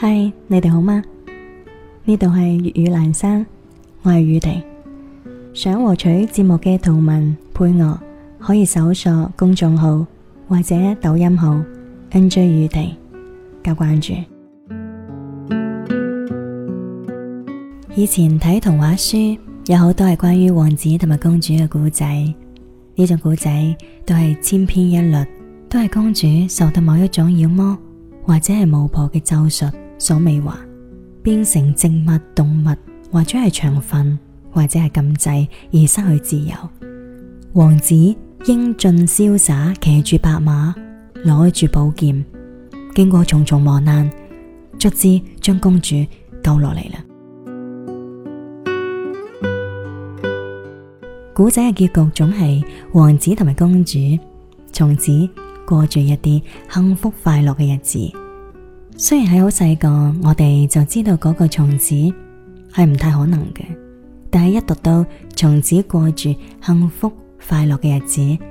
嗨，Hi, 你哋好嗎？呢度係粵語蘭生，我係宇婷。想獲取節目嘅圖文配樂，可以搜索公眾號或者抖音號 NJ 宇婷加關注。以前睇童話書，有好多係關於王子同埋公主嘅故仔。呢種故仔都係千篇一律，都係公主受到某一種妖魔或者係巫婆嘅咒術。所魅惑，變成植物、動物，或者係長瞓，或者係禁制而失去自由。王子英俊瀟灑，騎住白馬，攞住寶劍，經過重重磨難，卒之將公主救落嚟啦。古仔嘅結局總係王子同埋公主從此過住一啲幸福快樂嘅日子。雖然係好細個，我哋就知道嗰個從此係唔太可能嘅，但係一讀到從此過住幸福快樂嘅日子，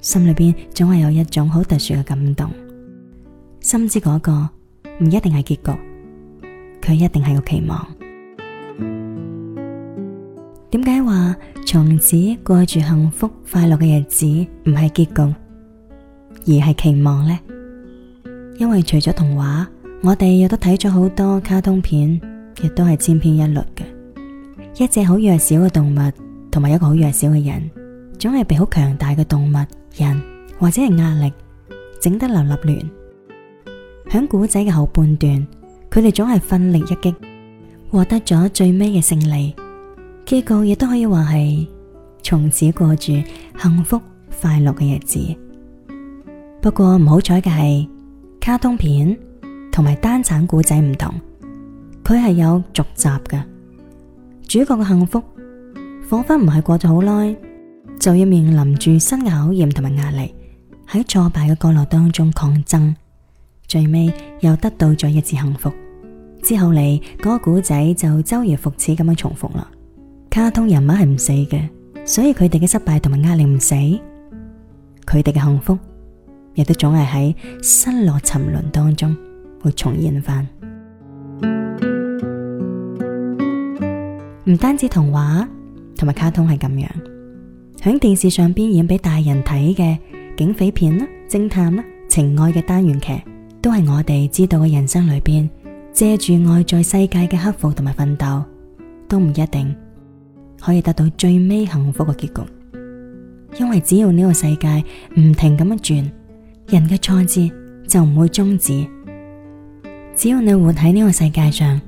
心裏邊總係有一種好特殊嘅感動。深知嗰個唔一定係結局，佢一定係個期望。點解話從此過住幸福快樂嘅日子唔係結局，而係期望呢？因為除咗童話。我哋亦都睇咗好多卡通片，亦都係千篇一律嘅。一隻好弱小嘅動物，同埋一個好弱小嘅人，總係被好強大嘅動物、人或者係壓力整得立立亂。響古仔嘅後半段，佢哋總係奮力一擊，獲得咗最尾嘅勝利。結局亦都可以話係從此過住幸福快樂嘅日子。不過唔好彩嘅係，卡通片。同埋單產古仔唔同，佢係有續集嘅，主角嘅幸福，彷彿唔係過咗好耐，就要面臨住新嘅考驗同埋壓力，喺挫敗嘅角落當中抗爭，最尾又得到咗一次幸福。之後嚟，嗰個古仔就周而復始咁樣重複啦。卡通人物係唔死嘅，所以佢哋嘅失敗同埋壓力唔死，佢哋嘅幸福亦都總係喺失落沉淪當中，會重現翻，唔單止童話同埋卡通係咁樣，響電視上邊演俾大人睇嘅警匪片啦、偵探啦、情愛嘅單元劇，都係我哋知道嘅人生裏邊，借住外在世界嘅克服同埋奮鬥，都唔一定可以達到最尾幸福嘅結局。因為只要呢個世界唔停咁樣轉，人嘅挫折就唔會終止。只要你活喺呢個世界上，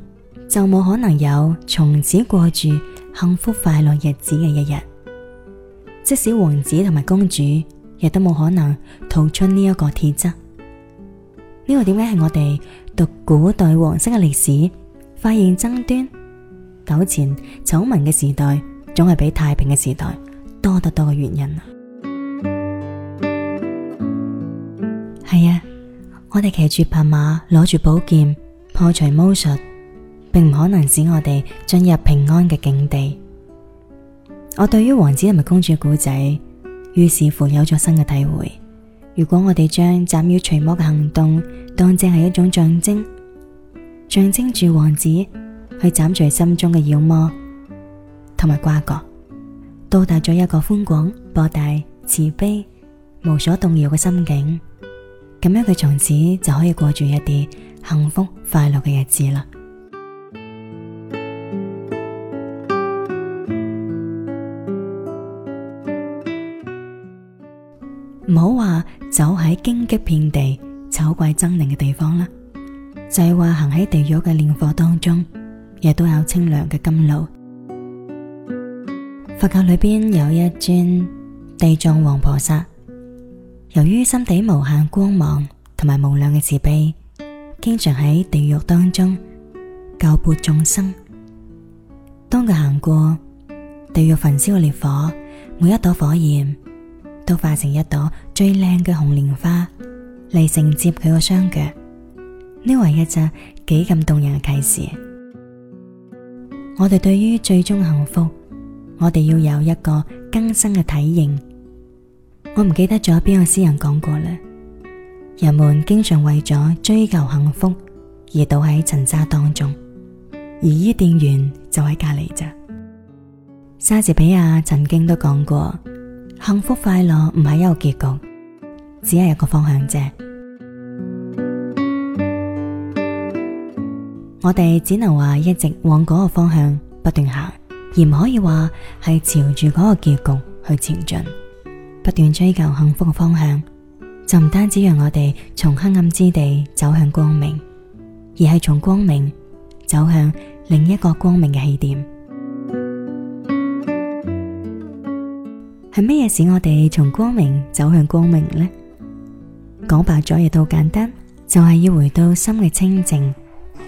就冇可能有從此過住幸福快樂日子嘅一日。即使王子同埋公主，亦都冇可能逃出呢一個鐵則。呢、這個點解係我哋讀古代王室嘅歷史，發現爭端、糾纏、醜聞嘅時代，總係比太平嘅時代多得多嘅原因啊！我哋騎住白馬，攞住寶劍，破除巫術，並唔可能使我哋進入平安嘅境地。我對於王子同埋公主嘅故仔，於是乎有咗新嘅體會。如果我哋將斬妖除魔嘅行動當正係一種象徵，象徵住王子去斬除心中嘅妖魔同埋瓜葛，到達咗一個寬廣、博大、慈悲、無所動搖嘅心境。咁樣佢從此就可以過住一啲幸福快樂嘅日子啦。唔好話走喺荊棘遍地、醜怪猙獰嘅地方啦，就係話行喺地獄嘅煉火當中，亦都有清涼嘅甘露。佛教裏邊有一尊地藏王菩薩。由於心底無限光芒同埋無量嘅慈悲，經常喺地獄當中救拔眾生。當佢行過地獄焚燒嘅烈火，每一朵火焰都化成一朵最靚嘅紅蓮花嚟承接佢個雙腳。呢位一隻幾咁動人嘅啟示。我哋對於最終幸福，我哋要有一個更新嘅體認。我唔記得咗邊個詩人講過咧，人們經常為咗追求幸福而倒喺塵沙當中，而伊甸園就喺隔籬啫。莎士比亞曾經都講過，幸福快樂唔係一個結局，只係一個方向啫。我哋只能話一直往嗰個方向不斷行，而唔可以話係朝住嗰個結局去前進。不斷追求幸福嘅方向，就唔單止讓我哋從黑暗之地走向光明，而係從光明走向另一個光明嘅起點。係乜嘢使我哋從光明走向光明呢？講白咗亦都簡單，就係、是、要回到心嘅清淨，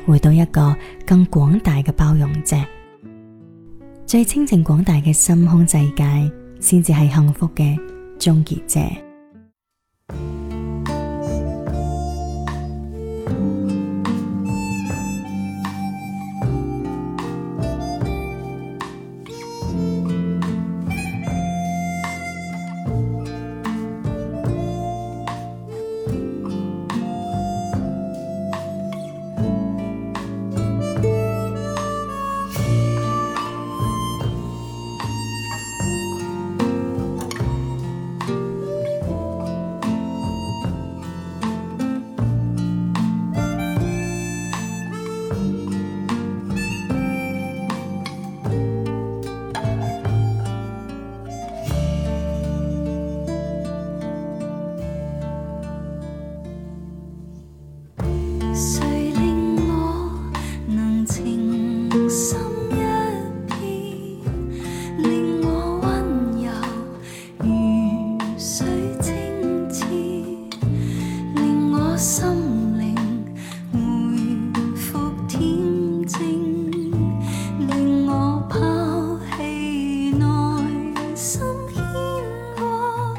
回到一個更廣大嘅包容者，最清淨廣大嘅心胸世界，先至係幸福嘅。終結者。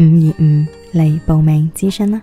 五二五嚟報名諮詢啦！